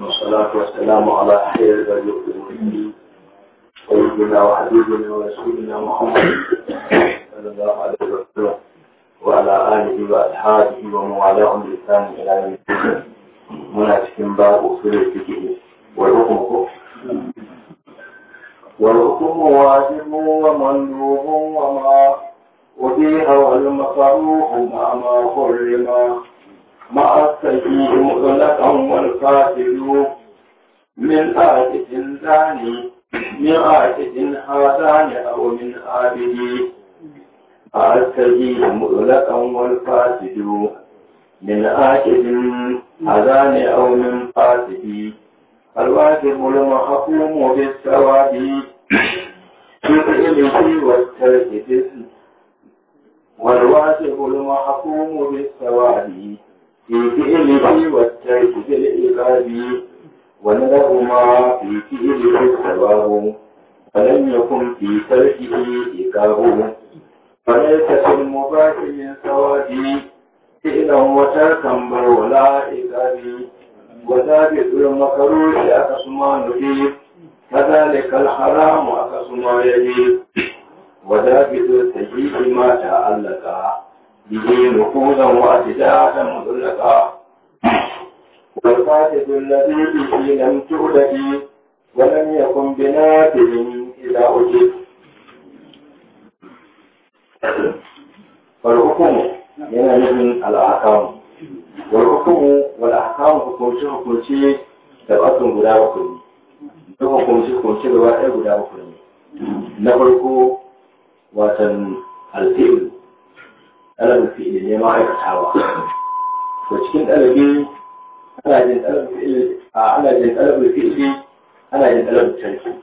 والصلاة والسلام على خير البريق المسلمين سيدنا وحبيبنا ورسولنا محمد صلى الله عليه وسلم وعلى آله وأصحابه ومن والاهم بإحسان إلى يوم الدين منافق باب أصول الفقه والحكم والحكم واجب ومندوب وما وفيها والمصروف مع ما حرم مع السجيد مطلقا والفاسد من آتة ثاني من آتة هذان أو من آبه مع السجيد مطلقا والفاسد من آتة هذان أو من فاسد الواجب المحكوم بالثواب في فعله والترك والواجب المحكوم بالثواب في فعله والترك في العقاب ونذرهما في فعله سواه فلم يكن في تركه عقاب فليس في المباح من سواد فعلا وتركا بل ولا عقاب وثابت المكروه أقسمان فيه كذلك الحرام أقسم يجيب وذابت التجيب ما تعلق به نفوذا واعتدادا مذلقا والفاتح الذي به لم تولد ولم يكن بنافذ إذا أجب فالحكم yana nufin al'akam wal hukumu wal ahkam hukunci da batun guda bakwai duk hukunci hukunci gaba ɗaya guda na farko watan alfi'il ɗalibin fiye ne ma aikatawa to cikin ɗalibi ana jin ɗalibin fi'ili ana jin ɗalibin fi'ili ana jin ɗalibin tarki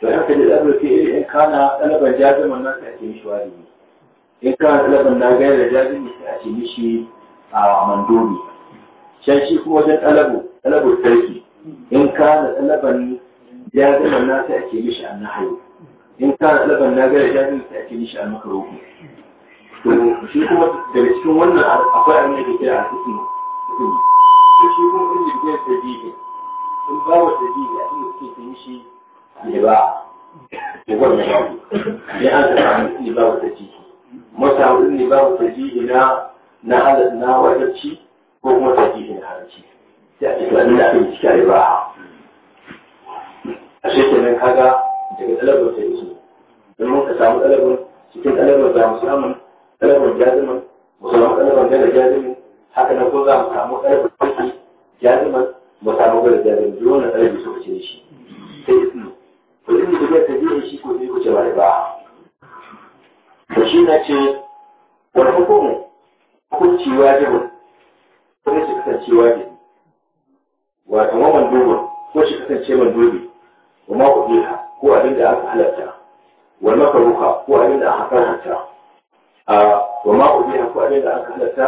to in ka ji ɗalibin fi'ili in kana ɗalibin jaziman nan sai ake mishi wari in kana ɗalibin na gaya da jazimi sai ake mishi a mandobi can shi kuma wajen ɗalibin ɗalibin sarki. in kana ɗalibin jaziman nan sai ake mishi a annahayo in kana ɗalibin na gaya da jazimi sai ake mishi a annahayo to shi kuma daga cikin wannan akwai abin da ke kira al'ismu to shi kuma in jirgin da bibi in ba wa da a cikin suke sun shi ne ba ko wannan yau ne an zama ne ba wa da bibi masa wurin ne ba wa da bibi na na halar na wajarci ko kuma da bibi na halarci sai a cikin wani da ake cikin riba a shekarun kaga daga ɗalabar ta yi su domin ka samu ɗalabar cikin ɗalabar da musamman ɗalibin jaziman mu samu ɗalibin gada jazimin haka nan ko za mu samu ɗalibin sarki jaziman mu samu gada jazimin duk wannan ɗalibin suka ce shi sai isnu ko isnu da ta biyan shi ko zai kuce ba ba to shi na ce wani hukumu hukunci wajibin ko ne shi kasance wajibi wato maman dubin ko shi kasance man dubi wa ma ku ko abin da aka halatta Wani makaruha ko abin da aka halatta a wama ku ya kwaɗe da aka halatta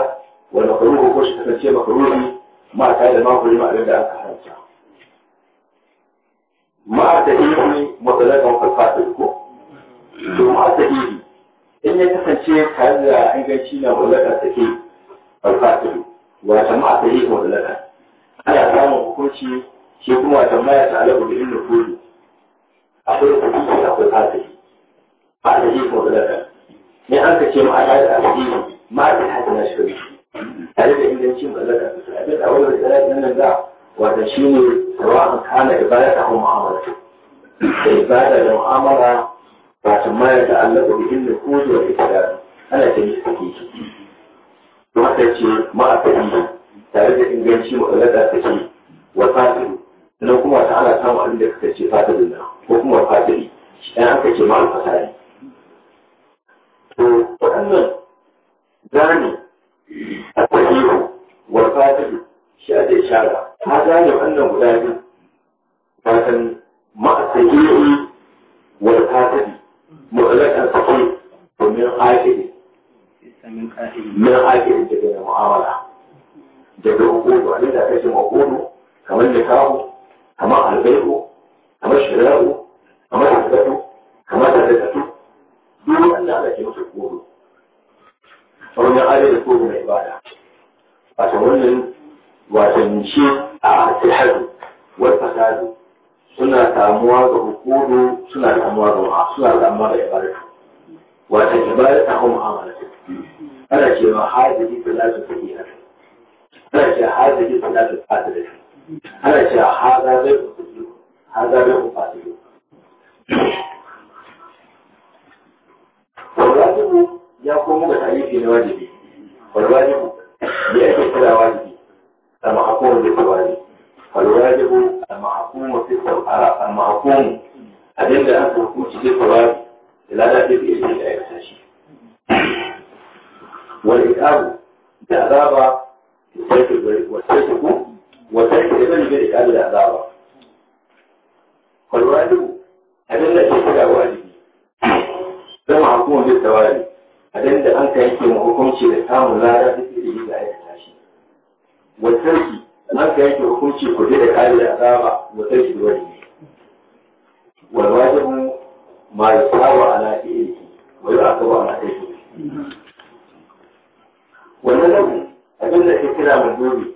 wanda kuruhu ko shi kasance makaruri ma ta da makuri ma da aka halatta ma ta ilimi matsalakan farfaɗin ko to ma ta ilimi in ya kasance tare da inganci na mallaka take farfaɗin wata ma ta ilimi matsalaka ana samun hukunci shi kuma wata ma ya ta'alabu da ilimi kuri akwai da akwai fasiri ma ta ilimi matsalaka ne an ka ce ma ala da asiri ma da hajji na shirki tare da ingancin mallaka su abin da wani da zai nan da wata shi ne sawa'an kana ibada da kuma mu'amala da ibada da mu'amala ba ta mayar da Allah da bikin da kuzo da ibada ana ce miki take ki to haka ce ma'akari tare da inganci mallaka take wa fasiru sannan kuma ta ana samu abin da kake ce fasirin nan ko kuma fasiri idan aka ce ma'al fasari to waɗannan gane a tsayiru wa fatihu shi a da shara ta gane wannan guda biyu fatan ma'a tsayiru wa fatihu mu'alakan sakin domin aƙiri min aƙiri daga mu'amala daga hukudu a da kashe hukudu kamar da kawo kamar albaiku kamar shira'u kamar hasbatu kamar da aure da kowa mai ibada wato wannan wato shi a tilhadu wal fasadu suna samuwa ga hukudu suna samuwa ga ma'a suna samuwa ga ibarata wato ibadatu ko mu'amalatu ana ce ma hadisi salatu sahiha ana ce lafi hadisi da shi ana ce hada zai kusudu hada zai kusudu wajibu ya komo ga tarihi na wajibi والواجب يأتي إلى واجبه المحكوم بالواجب والواجب المحكوم في القرآن المحكوم أدلة أن في القرآن لا تأتي بإذن الله والإكاب لأذابة والسيسك والسيسك والسيسك لمن يجري إكاب لأذابة halitta yake ma hukunci da samun lada da ke yi da aikata shi wasarki haka yake hukunci kudi da kare da azaba wasarki da wani wal mu ma yasawa ala fi'lihi wa yu'aqabu ala fi'lihi wannan nan abin da ke kira mai dubi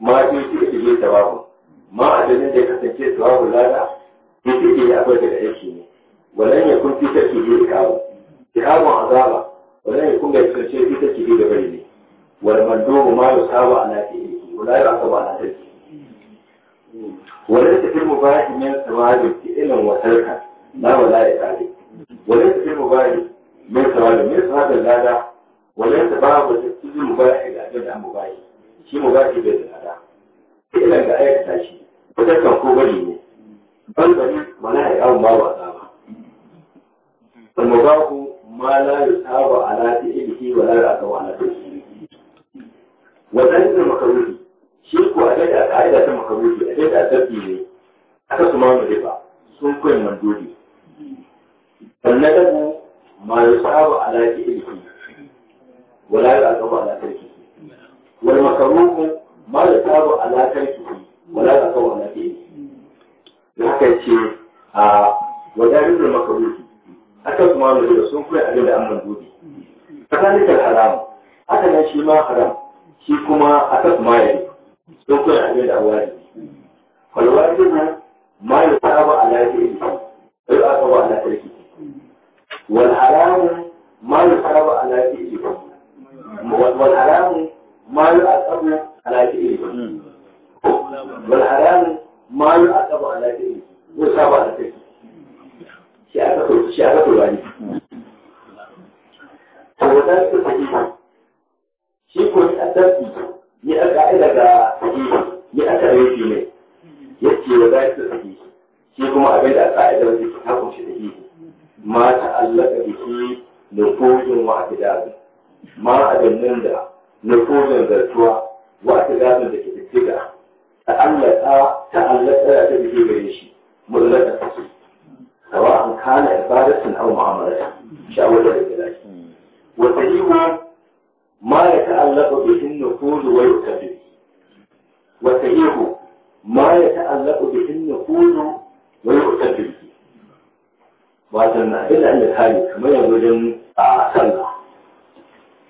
ma ji shi da ke babu, ma adalin da ya kasance babu lada ya ke akwai daga aiki ne walan kun fi tarki bi kawo ki kawo azaba wannan ya kunga karshe ita ce da bai ne wal mandubu ma yusaba ala fihi wala yusaba ta tarki wala tafil mubahi min sawabi ilin wa tarka la wala yaqali wala tafil mubahi min sawabi min sawabi lada wala tababu tafil mubahi da mu mubahi shi mu mubahi bai da lada ilan ga aikata shi wata kan ko bari ne ban bari wala ya yawo ma wa tsaba ba ku. ما لا يثاب على فعله ولا يعتب على تشريعه وذلك المكروه ko a da ka'ida ta makaruhi a da sabbi ne aka su mamu riba sun koyi mandodi sannan ma yusabu ala fi'lihi wala yu'aqabu ala tarkihi wal makruh ma yusabu ala tarkihi wala yu'aqabu ala fi'lihi da haka ce a aka kuma da sun koyi abin da an mandubi kasalikar haram haka nan shi ma haram shi kuma aka kuma yayi sun koyi abin da awari ce na ma ya a lafiya ne, sai aka a ala ne. wal haram ma ya a lafiya ne. wal haram da ka'idar da ke hakunci da ihu, ma ta'allaka biki nufofin wa'adidazin ma adannin da na nufofin zartuwa wa'adidazin da ke tattida ta'allaka ta'allaka da ta biki gare shi mullaka ta su sawa an kana ibadatin au mu'amalata shawarar da gida wa sahihu ma ya ta'allaka na nufofi wa yukabbi wa sahihu ma ya ta'allaka na nufofi ويؤتى به وأتنا إلا أن الهالي كما يقولون صلى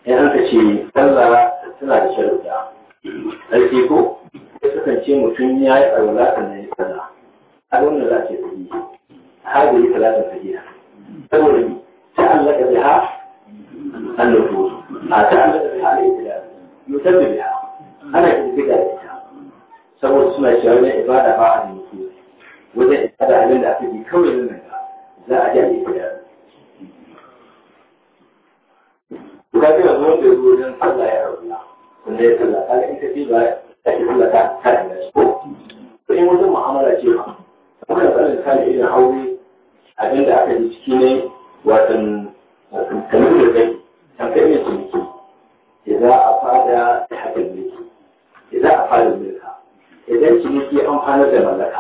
إن أنت شيء صلى tana da sharuɗa sarki ko ya kasance mutum ya yi alwala sannan ya sallah a wannan za a ce sahihi har da yi salatin sahiha saboda ni ta Allah ka biha Allah ko a ta Allah ka biha da ita yutar da biha ana kirkiga da ita saboda suna cewa ne ibada ba a da wajen tsada da abin da aka yi kawai nan za a ja ne ya ka fi yanzu wanda ya wajen ya rauna wanda ya sallah ta in ce ba ta ke sallah ta kare da shi ko in wajen mu'amala ce ba kuma da ta kare irin aure abin da aka yi ciki ne watan kamar da zai kan kai ne idan a fada da hakan ne idan a fada mulka idan ciniki an da mallaka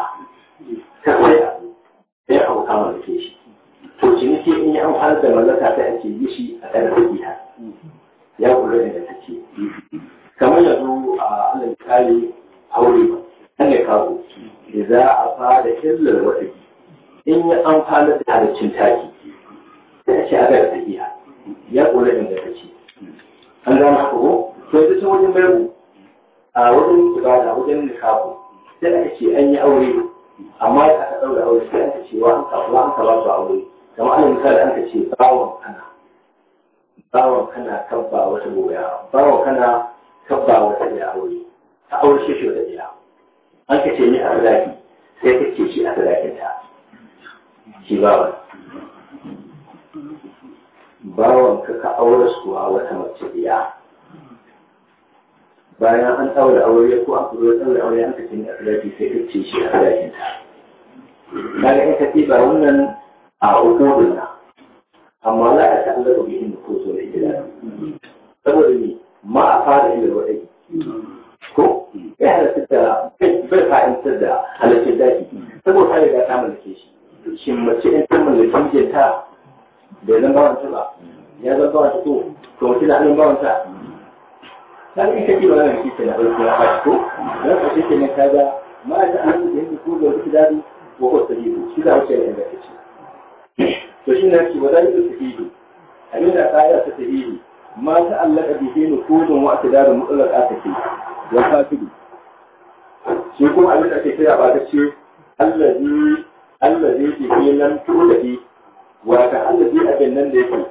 in an amfani da mallaka sai ake yi shi a kan sahiha ya kula da ta ce kamar yanzu a alal kare aure ba an ya kawo za a fara illar wadaki in yi fara da halittun taki ta ce a kan sahiha ya kula da ta ce an gama ko to yanzu ta wajen bayu a wajen ibada wajen kawo sai ake an yi aure amma da aka daura aure sai aka cewa an kafa an kafa su aure kamar alal misali an ka ce bawon kana bawon kana kabba wata goya bawon kana kabba wata da aure ta aure shi shi wata ɗaya an ka ce ni a sadaki sai ka ce shi a sadakin ta shi bawon Bawan ka ka aure suwa wata mace ɗaya bayan an ɗaura aure ko an furo ɗaura aure an ka ce ni a sadaki sai ka ce shi a sadakin ta kaga in ka ce ba wannan a hukumin na amma za a ta'an daga bihin da ko so da gida saboda ne ma a fara inda wadai ko ya halatta da bai fa'intar da halaccin daji saboda ta riga ta mallake shi shin mace in ta mallaki mijinta bai zan bawan ta ba ya zan bawan ta ko to mace da hannun bawan ta ta ga ita kiwa nan kike na farko ya fashi ko na ko shi ne kaga ma da an yi ko da wata dadi ko ko sahihu shi za a wuce da inda ce. to shi ne na ce wa zai da sahihi abin da kaya ta sahihi ma ta allaka ko hin kudun da akdarin mutlaq aka ce wa fasidu shi kuma abin da ke kira ba ta ce allazi allazi nan hin lam tudadi wa Allah allazi abin nan da yake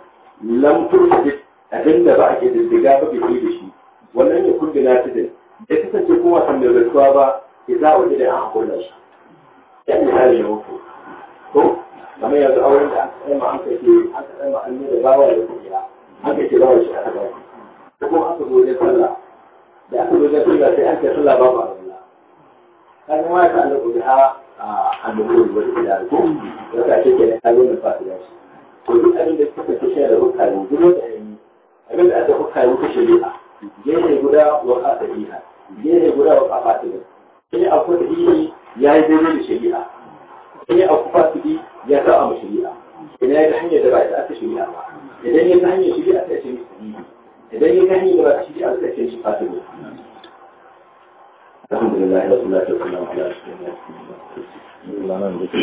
lam tudadi abin da ba a ke diddiga ba bi da shi wannan ya kun na tudin da kasance kuma kan mai rasuwa ba ya za a wajen da an kula shi. Yan misali ya wuce. kamar yanzu auren da aka kai ma an kai an kai ma an da bawa da kuriya an kai bawa shi aka bawa ko kuma aka zo da sallah da aka zo da sallah sai an kai sallah babu alwala kan ma ka Allah ku da a dukkan wani gida ko da ka ce kenan ka zo da fasiya shi to duk abin da suka ce shi da hukkari duk da yayi abin da aka hukkari ku shari'a gefe guda wa kafa biha gefe guda wa kafa tibi sai akwai ya yi daidai da shari'a sai akwai fasidi ya taba mu shari'a idan ya ta hanyar da ba ta aka shari'a ba idan ya ta hanyar shari'a ta ce musulmi idan ya ta hanyar da ba ta shari'a ta ce shi fatimu alhamdulillah wa salatu wa ce mu rasulillah